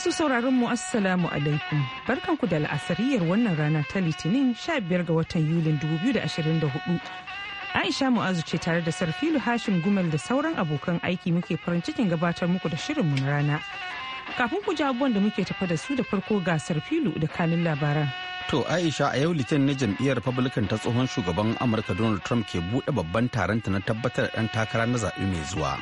Masu sauraron mu Assalamu alaikum. ku da la'asariyar wannan rana ta Litinin 15 ga watan Yulin 2024. Aisha Mu'azu ce tare da Sarfilu hashin Gumel da sauran abokan aiki muke farin cikin gabatar muku da shirinmu na rana. Kafin ku ji da muke tafa da su da farko ga Sarfilu da kanin labaran. To Aisha a yau Litinin na jam'iyyar Republican ta tsohon shugaban Amurka Donald Trump ke buɗe babban taron ta na tabbatar da ɗan takara na zaɓe mai zuwa.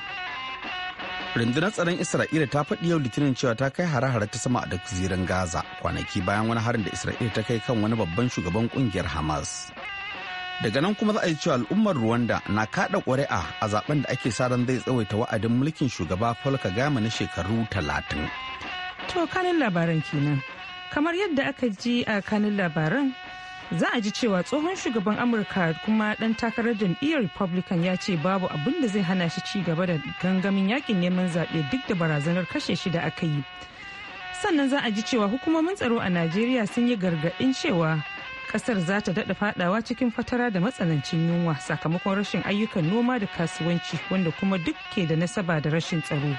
rundunar tsaron isra'ila ta faɗi yau litinin cewa ta kai hare-hare ta sama a duk zirin gaza kwanaki bayan wani harin da isra'ila ta kai kan wani babban shugaban kungiyar hamas daga nan kuma za a yi cewa al'ummar rwanda na kaɗa ƙuri'a a zaben da ake sa ran zai tsawaita wa'adin mulkin shugaba paul kagame na shekaru talatin to kanin labaran kenan kamar yadda aka ji a kanin labaran za a ji cewa tsohon shugaban amurka kuma dan takarar jam'iyyar republican ya ce babu abin da zai hana shi ci gaba da gangamin yakin neman zaɓe duk da barazanar kashe shi da aka yi sannan za a ji cewa hukumomin tsaro a najeriya sun yi gargaɗin cewa kasar za ta daɗa fadawa cikin fatara da matsanancin yunwa sakamakon rashin ayyukan noma da kasuwanci wanda kuma duk ke da nasaba da rashin tsaro.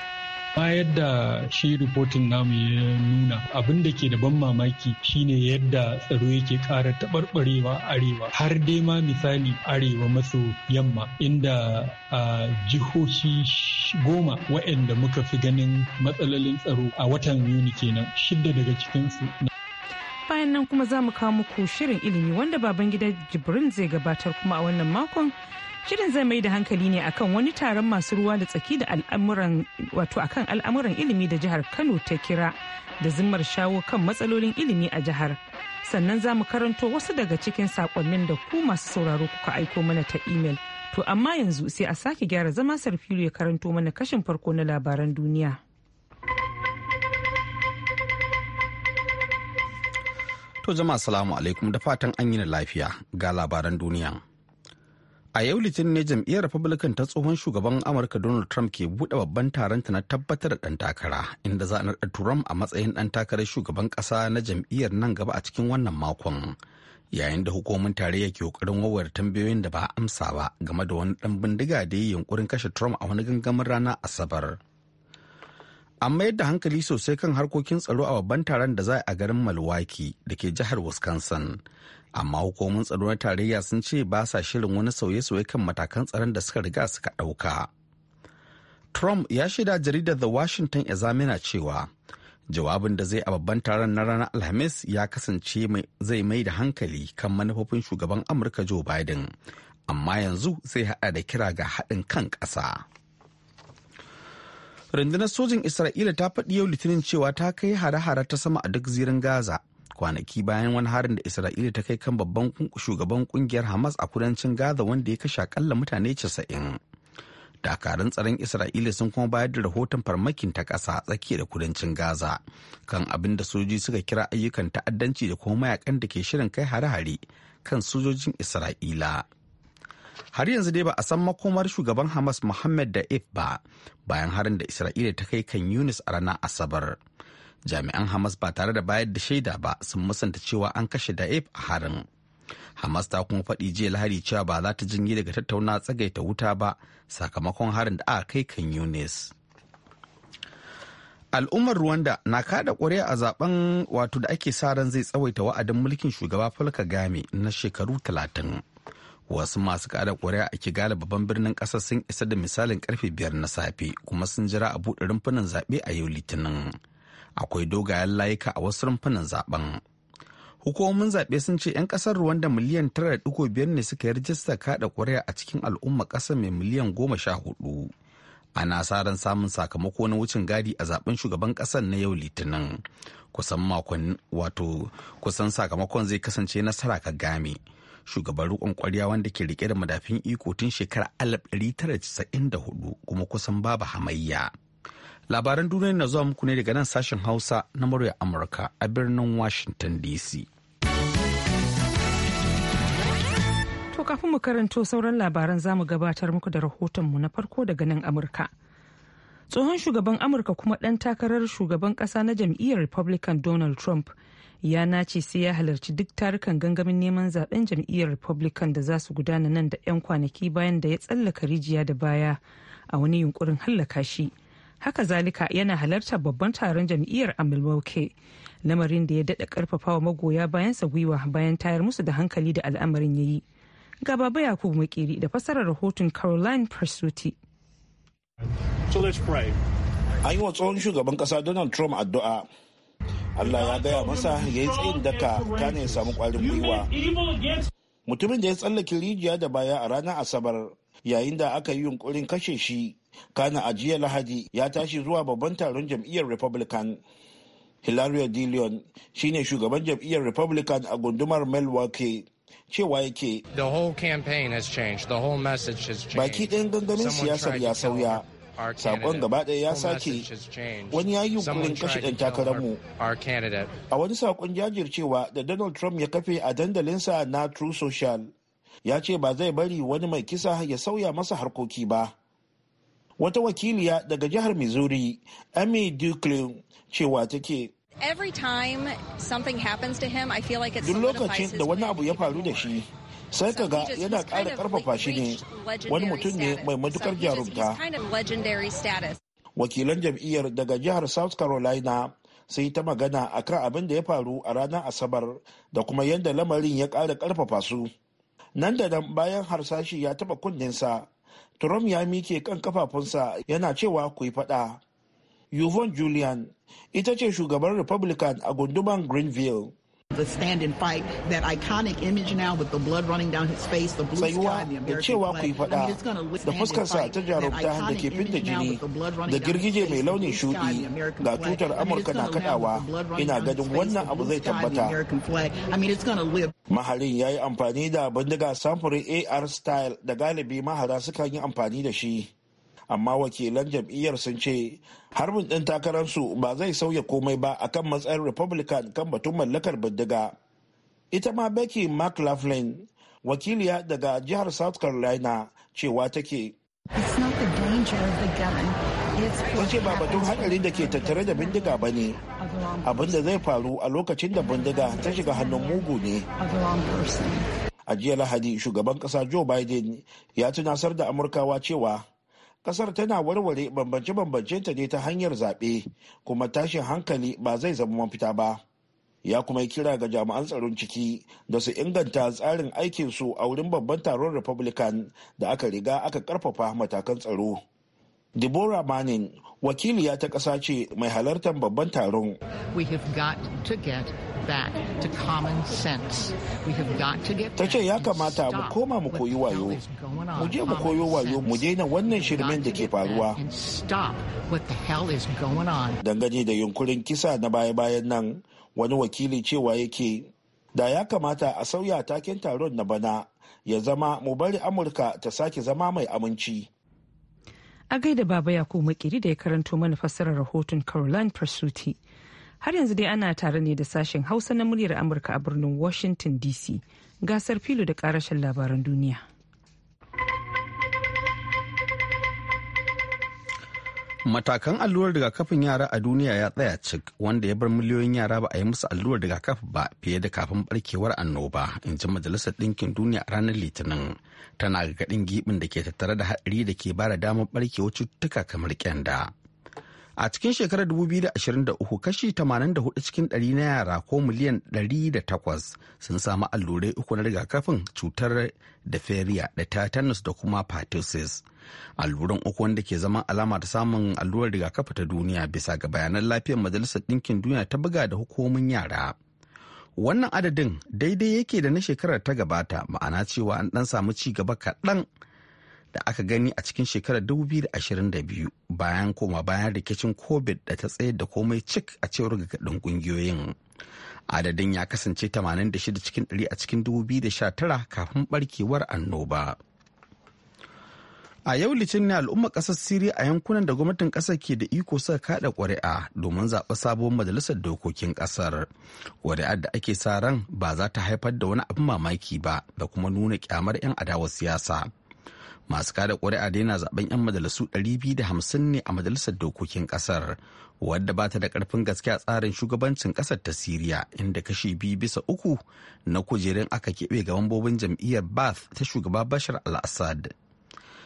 amma yadda shi ripotin namu ya nuna abin da ke da ban mamaki shine yadda tsaro yake kara taɓarɓarewa arewa har dai ma misali arewa maso yamma inda a jihohi goma waɗanda muka fi ganin matsalolin tsaro a watan yuni kenan shidda daga cikinsu bayan nan kuma za mu kawo muku shirin ilimi wanda baban gida jibrin zai gabatar kuma a wannan makon Shirin zai mai da hankali ne akan wani taron masu ruwa da tsaki da al'amuran wato akan al'amuran ilimi da jihar Kano ta kira da zimmar shawo kan matsalolin ilimi a jihar. Sannan za mu karanto wasu daga cikin sakonnin da ku masu sauraro kuka aiko mana ta imel. To amma yanzu sai a sake gyara zama sarfilo ya karanto mana kashin farko na labaran duniya. To jama'a salamu alaikum da fatan an yi lafiya ga labaran duniya. A yau Litinin ne jam'iyyar Republican ta tsohon shugaban Amurka Donald Trump ke buɗe babban taron ta na tabbatar da ɗan takara, inda za a naɗa Trump a matsayin ɗan takarar shugaban ƙasa na jam'iyyar nan gaba a cikin wannan makon. Yayin da hukumomin tarayya ke ƙoƙarin wawar tambayoyin da ba a amsa ba game da wani ɗan bindiga da ya yi yunƙurin kashe Trump a wani gangamin rana Asabar. An mayar da hankali sosai kan harkokin tsaro a babban taron da za a garin Milwaukee da ke jihar Wisconsin. amma hukumomin tsaro na tarayya sun ce ba sa shirin wani sauye-sauye kan matakan tsaron da suka riga suka ɗauka. Trump ya shaida jaridar The Washington Examiner cewa jawabin da zai a babban taron na ranar Alhamis ya kasance zai mai da hankali kan manufofin shugaban Amurka Joe Biden, amma yanzu zai haɗa da kira ga haɗin kan ƙasa. rundunar sojin isra'ila ta faɗi yau litinin cewa ta kai hare-hare ta sama a duk zirin gaza kwanaki bayan wani harin da isra'ila ta kai kan babban shugaban kungiyar hamas a kudancin gaza wanda ya kashe akalla mutane 90 dakarun tsaron isra'ila sun kuma bayar da rahoton farmakin ta ƙasa tsakiya da kudancin gaza kan abin da sojoji suka kira ayyukan ta'addanci da kuma mayakan da ke shirin kai hare-hare kan sojojin isra'ila har yanzu dai ba a san makomar shugaban hamas muhammad da if ba bayan harin da isra'ila ta kai kan Yunus a ranar asabar jami'an hamas ba tare da bayar da shaida ba sun musanta cewa an kashe da'if a harin hamas ta kuma faɗi jiya lahari cewa ba za ta jinye daga tattauna tsagaita wuta ba sakamakon harin da aka kai kan yunis al'ummar rwanda na kada ƙuri'a a zaben wato da ake sa ran zai tsawaita wa'adin mulkin shugaba paul kagame na shekaru talatin wasu masu kada ƙuri'a a kigali babban birnin ƙasar sun isa da misalin karfe biyar na safe kuma sun jira a buɗe rumfunan zaɓe a yau litinin akwai dogayen layuka a wasu rumfunan zaben hukumomin zaɓe sun ce 'yan ƙasar Rwanda miliyan 9.5 ne suka yi rajista kaɗa ƙuri'a a cikin al'umma ƙasar mai miliyan 14. Ana sa ran samun sakamako na wucin gadi a zaɓen shugaban ƙasar na yau Litinin. Kusan makon wato kusan sakamakon zai kasance nasara ka game. Shugaban riƙon ƙwarya wanda ke rike da madafin iko tun shekarar 1994 kuma kusan babu hamayya. labaran duniya na zuwa muku ne daga nan sashen hausa na murya amurka a birnin washington dc to kafin mu karanto sauran labaran zamu gabatar muku da rahotonmu na farko daga nan amurka tsohon shugaban amurka kuma ɗan takarar shugaban ƙasa na jam'iyyar republican donald trump ya nace sai ya halarci duk tarukan gangamin neman zaben jam'iyyar republican da za su gudana nan da 'yan kwanaki bayan da ya tsallaka rijiya da baya a wani yunkurin hallaka shi. haka zalika yana halartar babban taron jam'iyyar a lamarin da ya daɗa ƙarfafawa magoya bayansa gwiwa bayan tayar musu da hankali da al'amarin ya yi ga baba yakubu makeri da fassarar rahoton caroline presuti an yi wa tsohon shugaban kasa donald trump addu'a allah ya gaya masa ya yi tsayin daka kane ya samu kwarin gwiwa mutumin da ya tsallake rijiya da baya a ranar asabar yayin da aka yi yunkurin kashe shi kana a jiya lahadi ya tashi zuwa babban taron jam'iyyar republican hilario de shine shugaban jam'iyyar republican a gundumar milwaukee cewa yake baki ɗayan gangamin siyasar ya sauya sakon gaba ɗaya ya sake wani ya yi yunkurin kashe ɗan takararmu a wani sakon jajircewa da donald trump ya kafe a dandalinsa na true social ya ce ba zai bari wani mai kisa ya sauya masa harkoki ba wata wakiliya daga jihar missouri amy duklin cewa take Every time happens to him, I feel Duk lokacin da wani abu ya faru da shi, sai kaga yana ƙara ƙarfafa shi ne wani mutum ne mai matukar jarumta. Wakilan jam'iyyar daga jihar South Carolina sai ta magana akan abin da ya faru a ranar Asabar da kuma yadda lamarin ya ƙara ƙarfafa su. Nan da nan bayan harsashi ya taɓa sa. Trump ya mike kan kafafunsa yana cewa ku yi faɗa. Yvonne Julian ita ce shugaban Republican a gunduman Greenville. The stand and fight, that iconic image now with the blood running down his face, the blue sky, the American flag. I mean, it's gonna da fuskarsa ta jarumta da ke fidda jini da girgije mai launin shuɗi ga tutar Amurka na kadawa ina gadin wannan abu zai tabbata. Maharin ya yi amfani da bindiga samfurin AR style da galibi mahara sukan yi amfani da shi. amma wakilan jam'iyyar sun ce harbin ɗin takararsu ba zai sauya komai ba akan matsayin republican kan batun mallakar bindiga ita ma becky mclaughlin wakiliya daga jihar south carolina cewa take wace ba batun hankali da ke tattare da bindiga ba ne abinda zai faru a lokacin da bindiga ta shiga hannun mugu ne a jiya lahadi shugaban kasa joe biden ya tunasar da amurkawa cewa kasar tana warware bambance-bambance ta ne ta hanyar zaɓe kuma tashin hankali ba zai zama mafita ba ya kuma yi kira ga jami'an tsaron ciki da su inganta tsarin aikinsu a wurin babban taron republican da aka riga aka karfafa matakan tsaro Deborah Manning wakiliya ta ƙasa ce mai halartar babban taron. We have got back to common sense. We Ta ce ya kamata mu koma mu koyi wayo. Mu je mu koyo wayo mu daina wannan shirmen da ke faruwa. Dangane da yunkurin kisa na baya-bayan nan wani wakili cewa yake da ya kamata a sauya taken taron na bana ya zama mu bari Amurka ta sake zama mai aminci. a gaida baba ya kiri da ya karanto mana fassarar rahoton caroline pursuti Har yanzu dai ana tare ne da sashen Hausa na muryar Amurka a birnin Washington DC. Gasar filo da karashin labaran duniya. Matakan allurar rigakafin yara a duniya ya tsaya cik wanda ya bar miliyoyin yara ba a yi musu allurar rigakafi ba fiye da kafin barkewar annoba in ji majalisar ɗinkin duniya a ranar litinin tana gaɗin gibin da ke tattare da haɗari da ke bada damar barkewar cututtuka kamar kyanda. a cikin shekarar 2023 kashi 84 cikin 100 na yara ko miliyan 108 sun samu allurai uku na rigakafin cutar da feriya da tetanus da kuma pertussis alluran uku wanda ke zama alama ta samun allurar rigakafi ta duniya bisa ga bayanan lafiyar majalisar ɗinkin duniya ta buga da hukumomin yara wannan adadin daidai yake da na shekarar ta gabata ma'ana cewa an ɗan samu ci gaba kaɗan da aka gani a cikin shekarar 2022 bayan koma bayan rikicin covid da ta tsayar da komai cik a cewar gagaɗin ƙungiyoyin. Adadin ya kasance 86 cikin 100 a cikin 2019 kafin barkewar annoba. A yau litinin al'ummar kasar Siriya a yankunan da gwamnatin ƙasar ke da iko suka kada ƙuri'a domin zaɓi sabuwar majalisar dokokin ƙasar. Ƙuri'ar da ake sa ran ba za ta haifar da wani abin mamaki ba da kuma nuna kyamar 'yan adawar siyasa. masu kada ƙuri'a da yana zaben 'yan majalisu 250 ne a majalisar dokokin ƙasar wadda ba ta da karfin gaske a tsarin shugabancin ƙasar ta siriya inda kashi biyu bisa uku na kujerun aka keɓe ga mambobin jam'iyyar bath ta shugaba bashar al-assad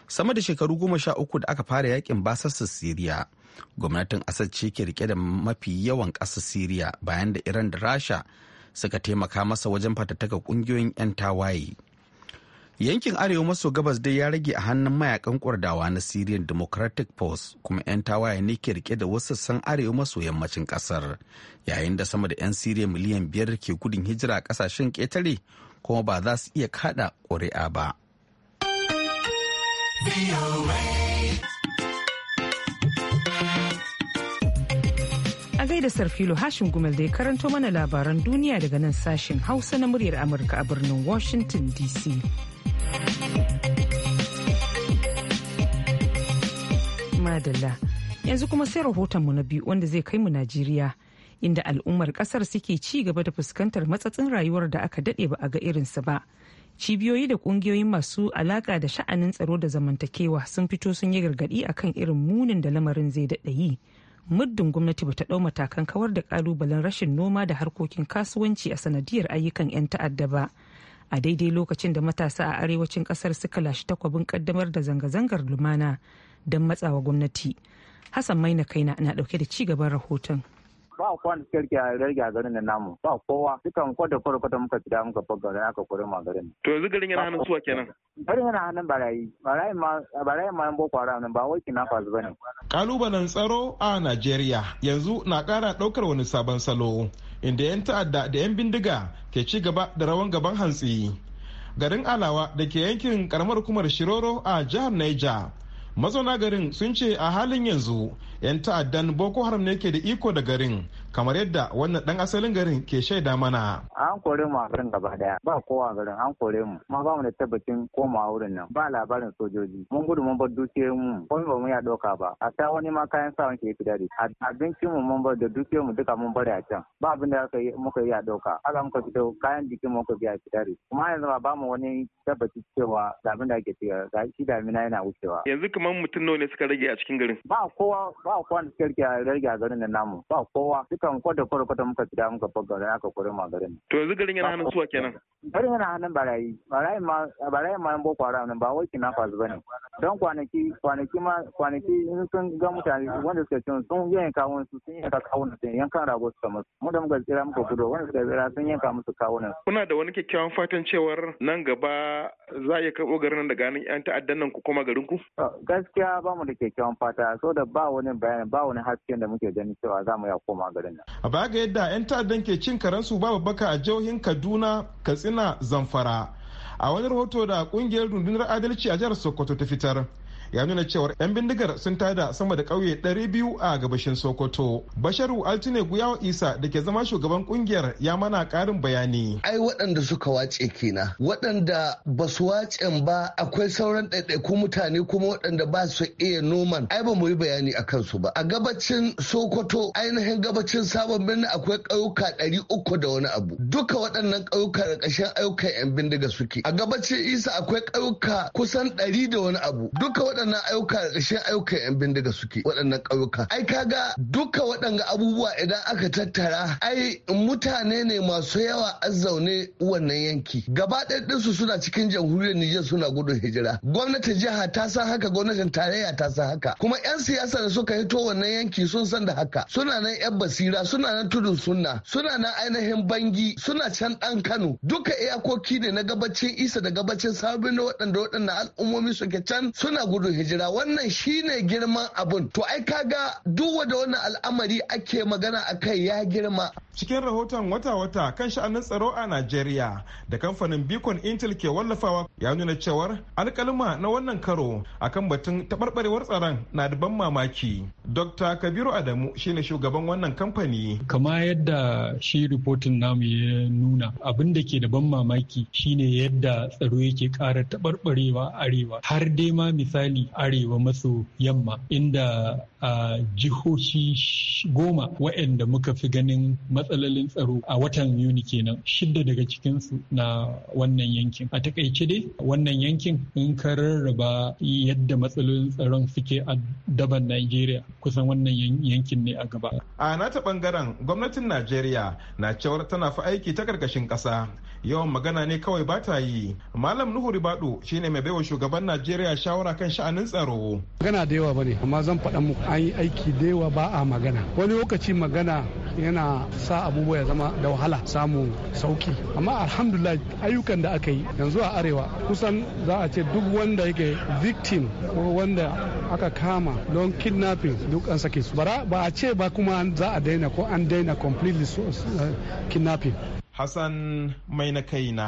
sama da shekaru goma sha uku da aka fara yakin basasar siriya gwamnatin asad ce ke rike da mafi yawan ƙasar siriya bayan da iran da rasha suka taimaka masa wajen fatattaka ƙungiyoyin 'yan tawaye yankin arewa maso gabas dai ya rage a hannun mayakan kwardawa na syrian democratic force kuma 'yan tawaye ne ke rike da wasu san arewa maso yammacin kasar yayin da sama da 'yan syria miliyan biyar ke gudun hijira kasashen ketare kuma ba za su iya kada ƙuri'a ba a gaida sarfilo hashin gumel da ya karanto mana labaran duniya daga nan sashen hausa na muryar amurka a birnin washington dc Madalla. Yanzu kuma sai rahotonmu na biyu wanda zai kai mu Najeriya. Inda al'ummar kasar suke ci gaba da fuskantar matsatsin rayuwar da aka daɗe ba a ga irinsa ba. Cibiyoyi da ƙungiyoyin masu alaƙa da sha'anin tsaro da zamantakewa sun fito sun yi gargaɗi kan irin munin da lamarin zai daɗa yi. muddin gwamnati bata ɗau matakan kawar da ƙalubalen rashin noma da harkokin kasuwanci a sanadiyar ayyukan 'yan ta'adda ba a daidai lokacin da matasa a arewacin kasar suka lashe takwabin kaddamar da zanga-zangar lumana don matsawa gwamnati hassan maina kaina na dauke da ci gaban rahoton ba kwan kirki a rage a garin da namu ba kowa dukan kwada kwada kwada muka fita muka fagga garin aka kore ma garin to yanzu garin yana hannun suwa kenan garin yana hannun barayi barayi ma barayi ma yan boko haram ba wai fasu bane kalubalen tsaro a Najeriya yanzu na kara daukar wani sabon salo inda 'yan ta'adda da 'yan bindiga ke ci gaba da rawan gaban hantsi garin alawa da ke yankin karamar hukumar shiroro a jihar naija mazauna garin sun ce a halin yanzu 'yan ta'addan boko haram ne ke da iko da garin kamar yadda wannan dan asalin garin ke shaida mana. An kore mu a garin gaba daya ba kowa garin an kore mu kuma ba mu da tabbacin komawa wurin nan ba labarin sojoji mun gudu mun bar dukiyoyin mu ko ba mu ya doka ba a ta wani ma kayan sa ke fita da abincin mu mun bar da dukiyoyin mu duka mun bari a can ba abin da aka muka yi a doka aka muka fito kayan jikin mu muka biya fi da kuma yanzu ba mu wani tabbaci cewa da abin da ake cewa ga shi damina yana wucewa. Yanzu kamar mutum nawa ne suka rage a cikin garin? Ba kowa ba kowa da suka rage a garin nan namu ba kowa kan kwada kwada kwata muka fita muka fagar na aka kore ma garin. To yanzu garin yana hannun suwa kenan. Garin yana hannun barayi. Barayi ma barayi ma yan boko haram ba wai kina fasu bane. Don kwanaki kwanaki ma kwanaki in sun ga mutane wanda suka cin sun yanka kawun su sun yanka kawun su kan rago su musu Mu da muka tsira muka gudu wanda suka tsira sun yanka musu na. Kuna da wani kyakkyawan fatan cewar nan gaba za a iya karɓo garin daga nan yan ta'addan nan ku koma garin ku? Gaskiya ba mu da kyakkyawan fata so da ba wani bayani ba wani hasken da muke ganin cewa za mu ya koma garin. ta'addan A baya ga yadda 'yan ta'addan ke cin karensu babu baka a jihohin Kaduna, Katsina, Zamfara. A wani rahoto da kungiyar rundunar adalci a jihar Sokoto ta fitar, ya nuna cewar 'yan bindigar sun tada sama da ƙauye 200 a gabashin sokoto basharu altine guyawa isa da ke zama shugaban kungiyar ya mana karin bayani ai waɗanda suka wace kenan waɗanda ba su wacen ba akwai sauran ɗaiɗaiku mutane kuma waɗanda ba su iya noman ai ba mu yi bayani a kansu ba a gabacin sokoto ainihin gabacin sabon birni akwai ƙauyuka ɗari uku da wani abu duka waɗannan ƙauyuka da ƙashin ayyukan 'yan bindiga suke a gabacin isa akwai ƙauyuka kusan ɗari da wani abu duka waɗannan waɗannan ayyuka ƙarshen ayyukan 'yan bindiga suke waɗannan ƙauyuka ai kaga duka waɗanga abubuwa idan aka tattara ai mutane ne masu yawa zaune wannan yanki gaba su suna cikin jamhuriyar Nijar suna gudun hijira gwamnatin jiha ta san haka gwamnatin tarayya ta san haka kuma 'yan siyasa da suka hito wannan yanki sun san da haka suna nan 'yan basira suna nan tudun sunna suna nan ainihin bangi suna can ɗan Kano duka iyakoki ne na gabacin Isa da gabacin sabbin waɗanda waɗannan al'ummomi suke can suna gudun hijira wannan shine girman abun to ai kaga duk wanda wannan al'amari ake magana akai ya girma cikin rahoton wata-wata kan sha'anin tsaro a Najeriya da kamfanin Beacon Intel ke wallafawa ya nuna cewar alkalma na wannan karo a kan batun taɓarɓarewar tsaron na da ban mamaki. Dr. Kabiru Adamu shine shugaban wannan kamfani. Kama yadda shi ripotin namu ya nuna abin da ke da ban mamaki shine yadda tsaro yake ƙara taɓarɓarewa arewa har dai ma misali arewa maso yamma inda a jihohi goma waɗanda muka fi ganin matsalolin tsaro a watan Yuni kenan shidda daga cikinsu na wannan yankin. A takaice dai wannan yankin in ka rarraba yadda matsalolin tsaron suke a daban Najeriya kusan wannan yankin ne a gaba. A nata bangaren gwamnatin Najeriya na cewar tana fa aiki ta karkashin ƙasa yawan magana ne kawai ba ta yi. Malam Nuhu Ribadu shine mai baiwa shugaban Najeriya shawara kan sha'anin tsaro. Magana da yawa bane amma zan faɗa muku an yi aiki da yawa ba a magana. Wani lokaci magana yana sa sa abubuwa ya zama da wahala samu sauki amma alhamdulillah ayyukan da aka yi yanzu a arewa kusan za a ce duk wanda yake victim ko wanda aka kama don kidnapping duk an sake su bara ba a ce ba kuma za a daina ko an daina completely uh, kidnapping hassan mai na kaina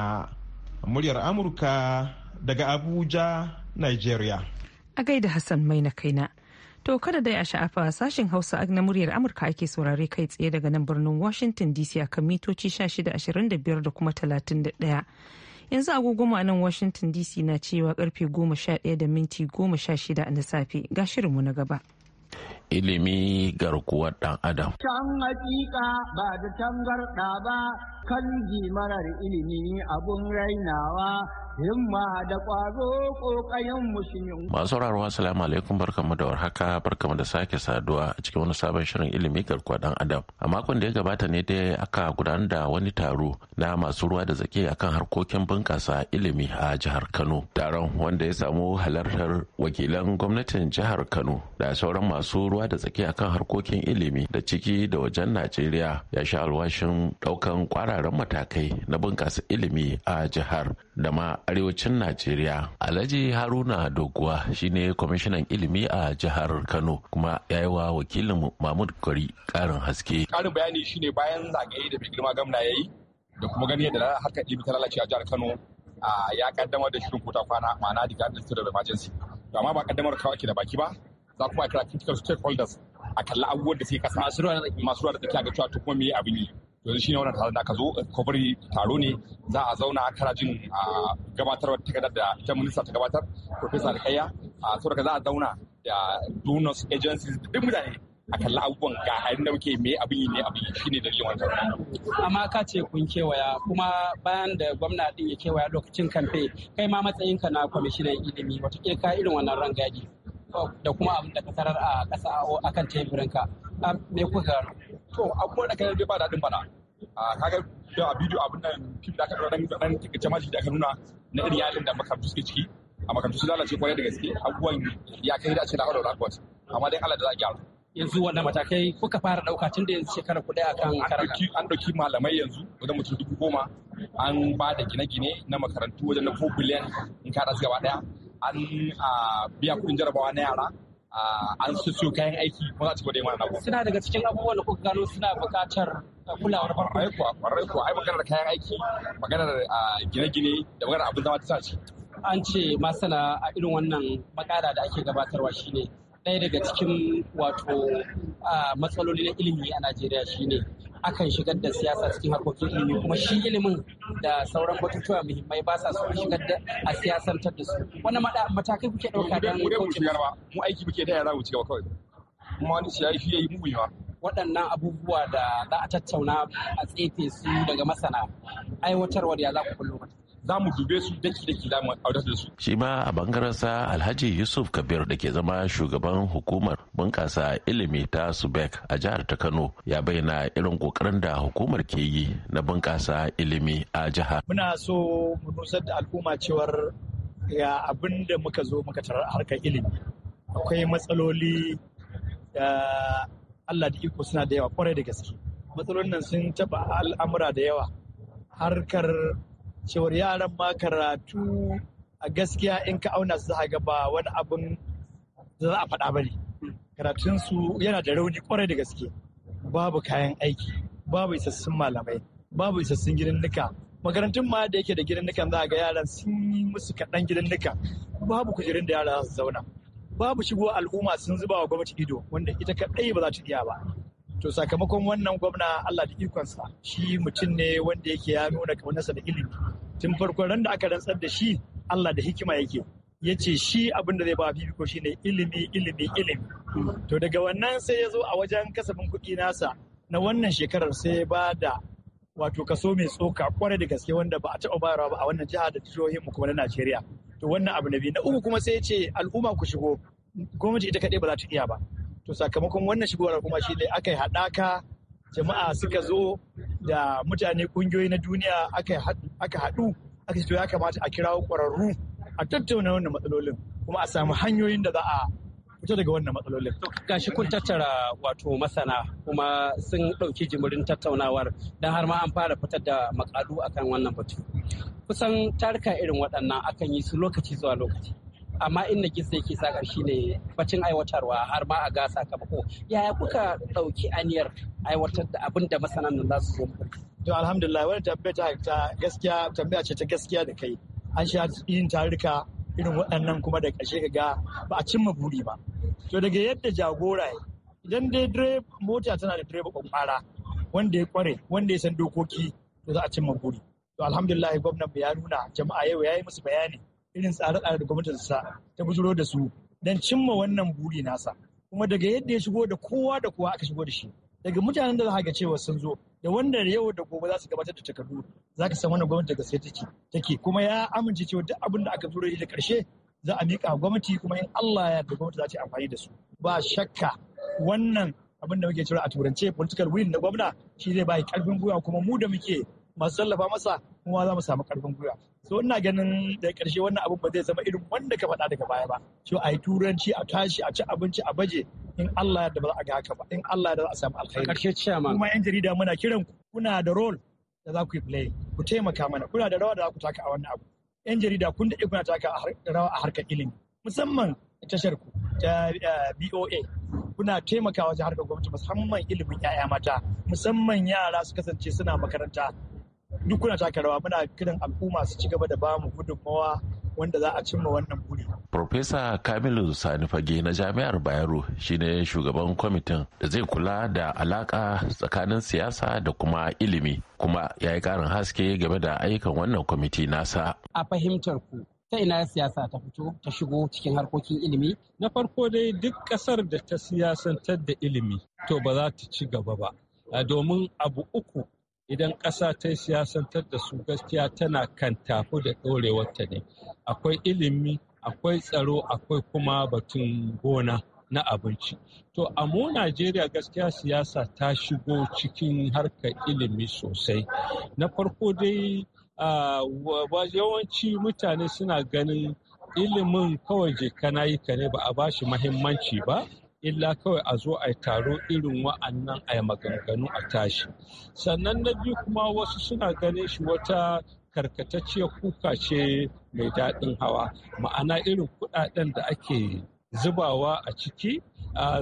muryar amurka daga abuja nigeria a gaida hassan mai na kaina To kada dai a sha'afa sashen Hausa na muryar Amurka ake saurare kai tsaye daga nan birnin Washington DC a kan mitoci 1625 da kuma 31. Yanzu agogo a nan Washington DC na cewa karfe 11 da minti 16 na safe ga shirinmu na gaba. ilimi garkuwar dan adam. Can hakika ba da tangarɗa ba kan marar ilimi abun rainawa himma da ƙwazo ƙayan musulmi. Masu rarwa salamu alaikum barkamu da warhaka barkamu da sake saduwa a cikin wani sabon shirin ilimi garkuwar dan adam. A makon da ya gabata ne dai aka gudanar da wani taro na masu ruwa da zaki akan harkokin bunƙasa ilimi a jihar Kano. Taron wanda ya samu halartar wakilan gwamnatin jihar Kano da sauran masu ruwa da tsaki akan harkokin ilimi da ciki da wajen najeriya ya sha alwashin daukan kwararan matakai na bunƙasa ilimi a jihar da ma arewacin najeriya alhaji haruna doguwa shine kwamishinan ilimi a jihar kano kuma ya yi wa wakilin mahmud kwari ƙarin haske ƙarin bayani shine bayan zagaye da girma gamna ya yi da kuma gani yadda harkar ilimi ta lalace a jihar kano ya kaddamar da shirin kuta kwana ma'ana da guidance to emergency amma ba kaddamar kawai ke da baki ba za kuma a kira critical stakeholders a kalla abubuwan da suke kasa masu ruwa da tsakiya ga cewa tukuma mai abin yi yanzu ne wannan taron da aka zo kobari taro ne za a zauna a karajin a gabatarwar takardar da ita minista ta gabatar professor alkaya a saboda za a zauna da donors agencies duk mutane a kalla abubuwan ga harin da muke mai abin yi mai abin yi ne da yawan taron amma ka ce kun kewaya kuma bayan da gwamna din ya kewaya lokacin kamfe kai ma matsayinka na kwamishinan ilimi wata ka irin wannan rangadi da kuma abin da ka tarar a ƙasa a kan teburinka me kuka gano to abubuwan da ka ba daɗin bana a kaga da a bidiyo abin da fim da aka ɗora ɗan takaice maji da aka nuna na irin yalin da makarantu suke ciki a makarantu su lalace kwarai da gaske abubuwan ya kai da ce na haɗa da abubuwan amma dai Allah da za a gyara yanzu wannan matakai kuka fara ɗauka tun da yanzu shekara kuɗi a kan an ɗauki malamai yanzu wajen mutum dubu goma an ba da gine-gine na makarantu wajen na 4 biliyan in kaɗa su gaba ɗaya an biya kudin jarabawa na yara an su kayan aiki za su cikin da na na. Suna daga cikin abubuwan da kuka gano suna buƙatar kulawar farko. kuwa, kwarai kuwa, ai maganar kayan aiki, maganar gine-gine da maganar abin zama ta ce. An ce masana a irin wannan makara da ake gabatarwa shine ɗaya daga cikin wato matsaloli na ilimi a Najeriya shine akan shigar da siyasa cikin harkokin ilimi kuma shi ilimin da sauran batutuwa muhimmai ba sa son shigar da a siyasantar da su wani matakai kuke ɗauka don kauce mu aiki muke da yara mu ci gaba kawai kuma wani ciyayi shi yayi mu yawa waɗannan abubuwa da za a tattauna a tsefe su daga masana aiwatarwar ya za ku kullu mata za mu dube su daki daki za mu aure da su. Shi ma a bangaren Alhaji Yusuf Kabir da ke zama shugaban hukumar bunƙasa ilimi ta Subek a jihar ta Kano ya bayyana irin kokarin da hukumar ke yi na bunƙasa ilimi a jihar. Muna so mu nusar da al'umma cewar ya abin da muka zo muka tarar harkar ilimi. Akwai matsaloli da Allah da iko suna da yawa kwarai da gaske. Matsalolin nan sun taɓa al'amura da yawa. Harkar cewar yaran ma karatu a gaskiya in ka auna su za ga ba wani abin da za a faɗa ba ne karatunsu yana da rauni kwarai da gaske babu kayan aiki babu isassun malamai babu isassun gidan nika makarantun ma da yake da gidan nikan za a ga yaran sun yi musu kaɗan gidan nika babu kujerun da yara za su zauna babu shigo al'umma sun zuba wa gwamnati ido wanda ita kaɗai ba za ta iya ba to sakamakon wannan gwamna Allah da ikonsa shi mutum ne wanda yake ya nuna kaunarsa da ilimi tun farkon ran da aka rantsar da shi Allah da hikima yake ya ce shi abin da zai ba fifiko shi ne ilimi ilimi ilimi to daga wannan sai ya zo a wajen kasafin kuɗi nasa na wannan shekarar sai ba da wato kaso mai tsoka kwarai da gaske wanda ba a taɓa bayarwa ba a wannan jiha da jihohin mu kuma na Najeriya to wannan abu na biyu na uku kuma sai ya ce al'umma ku shigo gwamnati ita kaɗai ba za ta iya ba to sakamakon wannan shigowar kuma shi ne aka yi haɗaka jama'a suka zo da mutane ƙungiyoyi na duniya aka haɗu aka ce to ya kamata a kirawo ƙwararru a tattauna wannan matsalolin kuma a samu hanyoyin da za a fita daga wannan matsalolin. Gashi kun tattara wato masana kuma sun ɗauki jimirin tattaunawar don har ma an fara fitar da makalu akan wannan batu. Kusan tarika irin waɗannan akan yi su lokaci zuwa lokaci. amma inda kisa yake ƙarshe ne, bacin aiwatarwa har ma a ga sakamako yaya kuka ɗauki aniyar aiwatar da abin da masanan nan za su zo to alhamdulillah wani tambaya ta gaskiya tambaya ce ta gaskiya da kai an sha yin tarika irin waɗannan kuma da ƙarshe ka ga ba a cimma buri ba to daga yadda jagora idan dai mota tana da direba kwakwara wanda ya kware wanda ya san dokoki to za a cimma buri to alhamdulillah gwamnan ya nuna jama'a yau ya yi musu bayani irin tsare-tsare da gwamnatin sa ta bujuro da su don cimma wannan buri nasa kuma daga yadda ya shigo da kowa da kowa aka shigo da shi daga mutanen da za ga cewa sun zo da wanda yau da gobe za su gabatar da takardu za ka san wannan gwamnati da sai take take kuma ya amince cewa duk abin da aka turo da karshe za a miƙa gwamnati kuma in Allah ya da gwamnati za ta amfani da su ba shakka wannan abin da muke cewa a turance political will na gwamna shi zai bai karfin gwiwa kuma mu da muke masu masa kuma za mu samu karfin gwiwa so ina ganin da karshe wannan abun ba zai zama irin wanda ka faɗa daga baya ba so a yi turanci a tashi a ci abinci a baje in Allah ya ba za a ga haka ba in Allah ya za a samu alkhairi karshe ciyama kuma yan jarida muna kiran ku kuna da role da za ku yi play ku taimaka mana kuna da rawa da za ku taka a wannan abu yan jarida kun da kuna taka rawa a harkar ilimi musamman tashar ku ta eh, BOA kuna taimakawa wajen harkar gwamnati musamman ilimin 'ya'ya mata musamman yara su kasance suna makaranta duk kuna taka rawa muna kiran al'umma su ci gaba da bamu gudunmawa wanda za a cimma wannan buri. Profesa Kamilu Sani Fage na Jami'ar Bayero shine shugaban kwamitin da zai kula da alaka tsakanin siyasa da kuma ilimi kuma ya yi karin haske game da ayyukan wannan kwamiti nasa. A fahimtar ku ta ina siyasa ta fito ta shigo cikin harkokin ilimi? Na farko dai duk ƙasar da ta siyasantar da ilimi to ba za ta ci gaba ba. Domin abu uku idan ƙasa ta yi siyasantar da su gaskiya tana kan tafi da ɗorewarta ne akwai ilimi akwai tsaro akwai kuma batun gona na abinci to a mu najeriya gaskiya siyasa ta shigo cikin harkar ilimi sosai na farko dai yawanci mutane suna ganin ilimin kawai je kana yi ka ne ba a bashi mahimmanci ba illa kawai a zo a taro irin wa'annan a maganganu a tashi sannan na biyu kuma wasu suna ganin shi wata karkatacciyar kuka ce mai daɗin hawa ma'ana irin kuɗaɗen da ake zubawa a ciki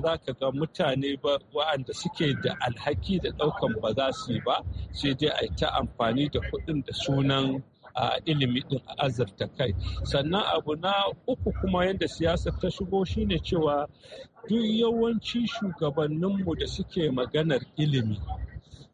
za ka ga mutane wa'anda suke da alhaki da ɗaukan ba za su yi ba sai dai a ta amfani da kuɗin da sunan a ilimi din azurta kai sannan abu na uku kuma yadda siyasar ta shigo shine cewa duk yawanci shugabanninmu da suke maganar ilimi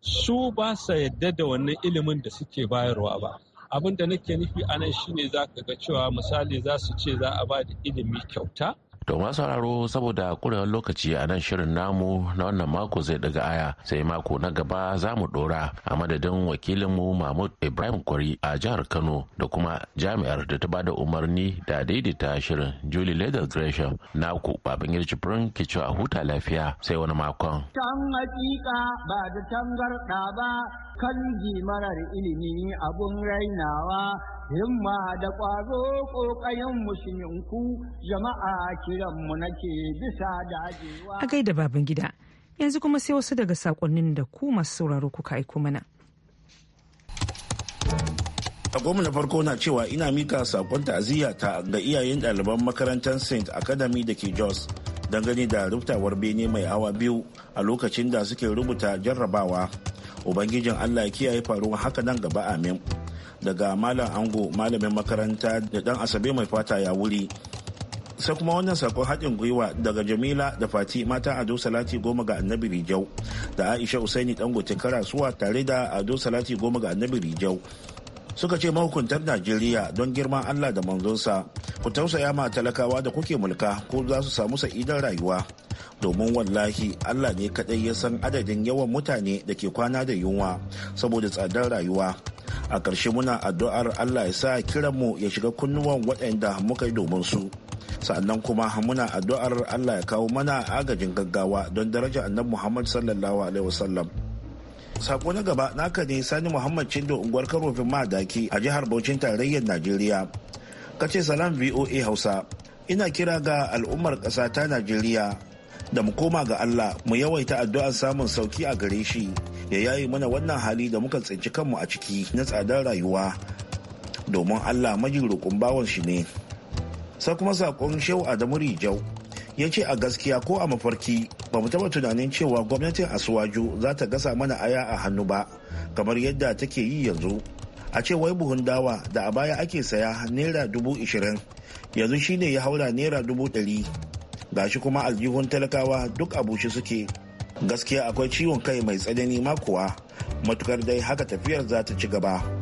su ba sa yadda da wannan ilimin da suke bayarwa ba abin da nake nufi anan shine za ka ga cewa misali za su ce za a ba da ilimi kyauta To masu sauraro saboda kurewar lokaci a nan shirin namu na wannan mako zai daga aya sai mako na gaba za mu dora a madadin wakilinmu Mahmud Ibrahim Kwari a jihar Kano da kuma jami'ar da ta ba da umarni da daidaita shirin Julie Leather Gresham na ku babin yarci furin ke cewa huta lafiya sai wani makon. Can hakika ba da tangarɗa ba kan marar ilimi abun rainawa himma da ƙwazo ƙoƙayen musulminku jama'a ke a nake bisa A gaida baban gida, yanzu kuma sai wasu daga sakonnin da ku masu sauraro kuka aiko mana. a goma na farko na cewa ina mika sakon ta ga iyayen ɗaliban makarantar St. Academy da ke Jos dangane da rubtawar bene mai awa biyu a lokacin da suke rubuta jarrabawa. Ubangijin Allah ya kiyaye faruwa haka nan gaba amin. Daga Malam Ango, malamin makaranta da dan Asabe mai fata ya wuri sai kuma wannan sakon haɗin gwiwa daga jamila da fati mata ado salati goma ga annabi rijau da aisha usaini dangote karasuwa tare da ado salati goma ga annabi rijau suka ce mahukuntar najeriya don girman allah da manzonsa ku tausaya ma talakawa da kuke mulka ko za su samu sa'idar rayuwa domin wallahi allah ne kadai ya san adadin yawan mutane da ke kwana da yunwa saboda tsadar rayuwa a ƙarshe muna addu'ar allah ya sa kiranmu ya shiga kunnuwan waɗanda muka yi domin su sannan kuma muna addu'ar Allah ya kawo mana agajin gaggawa don daraja annabi Muhammad sallallahu alaihi wasallam sako na gaba naka ne sani muhammad cindo unguwar karofin madaki a jihar Bauchin tarayyar najeriya kace salam voa hausa ina kira ga al'ummar ƙasa ta najeriya da mu koma ga allah mu yawaita addu'ar samun sauki a gare shi ya yayi mana wannan hali da muka tsinci kanmu a ciki na tsadar rayuwa domin allah majin roƙon bawan shi ne sai kuma sakon shehu adamu rijau ya ce a gaskiya ko a mafarki ba mu taba tunanin cewa gwamnatin asuwaju za ta gasa mana aya a hannu ba kamar yadda take yi yanzu a ce wai buhun dawa da a baya ake saya naira dubu ishirin yanzu shine ya haura naira dubu ɗari gashi kuma aljihun talakawa duk a bushe suke gaskiya akwai ciwon kai mai tsanani makuwa matukar dai haka tafiyar za ta ci gaba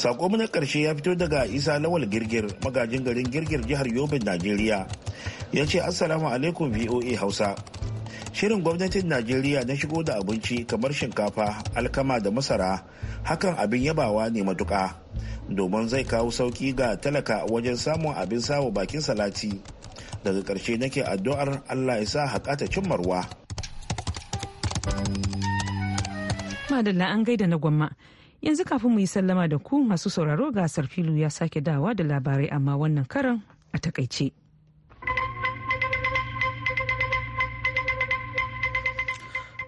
sako na karshe ya fito daga isa lawal girgir magajin garin girgir jihar yobin najeriya ya ce assalamu alaikum voa hausa shirin gwamnatin najeriya na shigo da abinci kamar shinkafa alkama da masara hakan abin yabawa ne matuka domin zai kawo sauki ga talaka wajen samun abin sawa bakin salati daga ƙarshe nake addu'ar allah ya sa haƙata cimmarwa madalla an gaida na gwamma Yanzu kafin mu yi sallama da ku masu sauraro gasar filu ya sake dawa da labarai amma wannan karan a takaice.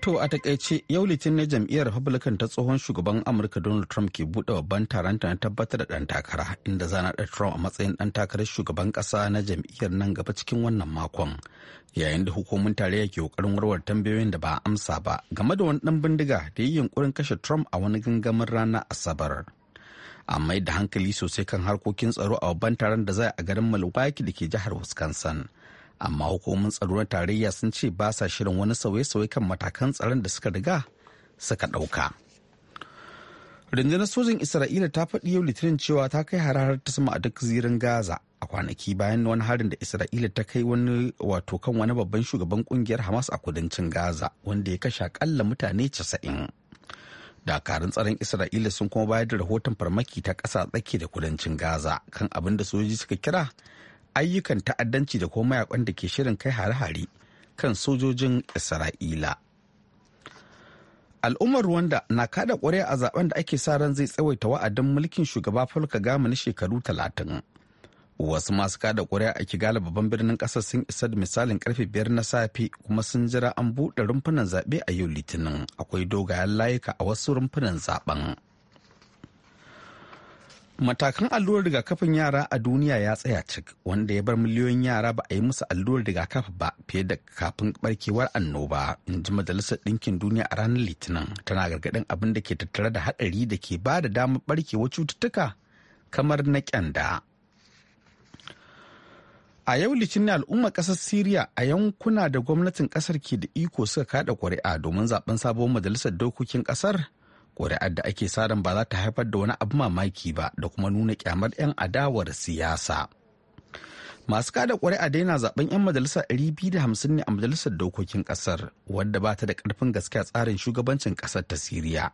To a takaice yau litinin na jam'iyyar Republican ta tsohon shugaban Amurka Donald Trump ke buɗe babban taron ta na tabbatar da dan takara inda zana da Trump a matsayin ɗan takarar shugaban ƙasa na jam'iyyar nan gaba cikin wannan makon. Yayin da hukumomin tarayya ke kokarin warwar tambayoyin da ba a amsa ba game da wani dan bindiga da yi yunƙurin kashe Trump a wani gangamin rana Asabar. A mai da hankali sosai kan harkokin tsaro a babban taron da za a garin Milwaukee da ke jihar Wisconsin. amma hukumomin tsaro na tarayya sun ce ba sa shirin wani sauye-sauye kan matakan tsaron da suka riga suka ɗauka. rundunar sojin isra'ila ta faɗi yau litinin cewa ta kai hararar ta sama a duk zirin gaza a kwanaki bayan wani harin da isra'ila ta kai wani wato kan wani babban shugaban kungiyar hamas a kudancin gaza wanda ya kashe akalla mutane 90 dakarun tsaron isra'ila sun kuma bayar da rahoton farmaki ta ƙasa tsaki da kudancin gaza kan abin da sojoji suka kira ayyukan ta'addanci da kuma mayakan da ke shirin kai hare-hare kan sojojin isra'ila al'ummar rwanda na kada ƙwarya a zaben da ake sa ran zai tsawaita wa'adin mulkin shugaba paul gama na shekaru talatin wasu masu kada ƙuri'a a kigali babban birnin ƙasar sun isa da misalin karfe biyar na safe kuma sun jira an buɗe rumfunan zaɓe a yau litinin akwai dogayen layuka a wasu rumfunan zaben. matakan allurar rigakafin yara a duniya ya tsaya cik wanda ya bar miliyoyin yara ba a yi musu allurar rigakafi ba fiye da kafin barkewar annoba in ji majalisar ɗinkin duniya a ranar litinin tana gargaɗin abin da ke tattare da haɗari da ke ba da damar barkewar cututtuka kamar na kyanda a yau litinin al'ummar ƙasar syria a yankuna da gwamnatin ƙasar ke da iko suka kaɗa ƙuri'a domin zaben sabon majalisar dokokin ƙasar ƙuri'ar da ake sa ba za ta haifar da wani abu mamaki ba da kuma nuna kyamar 'yan adawar siyasa masu kada ƙuri'a daina zaben 'yan majalisa 250 ne a majalisar dokokin ƙasar wadda ba ta da karfin gaskiya tsarin shugabancin ƙasar ta siriya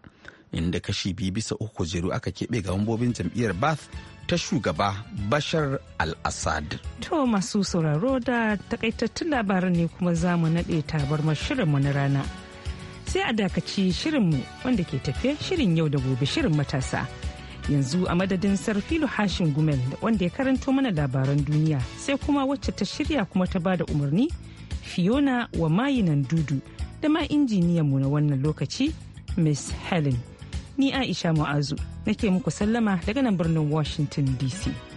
inda kashi biyu bisa uku kujeru aka keɓe ga mambobin jam'iyyar bath ta shugaba bashar al-assad to masu sauraro da takaitattun labaran ne kuma za mu naɗe tabar mashirinmu na rana sai a dakaci shirinmu wanda ke tafe shirin yau da gobe shirin matasa yanzu a madadin sarfilu hashin gumel wanda ya karanto mana labaran duniya sai kuma wacce ta shirya kuma ta bada umarni fiona wa mayinan dudu da ma mu na wannan lokaci miss helen ni aisha mu'azu nake muku sallama daga nan birnin washington dc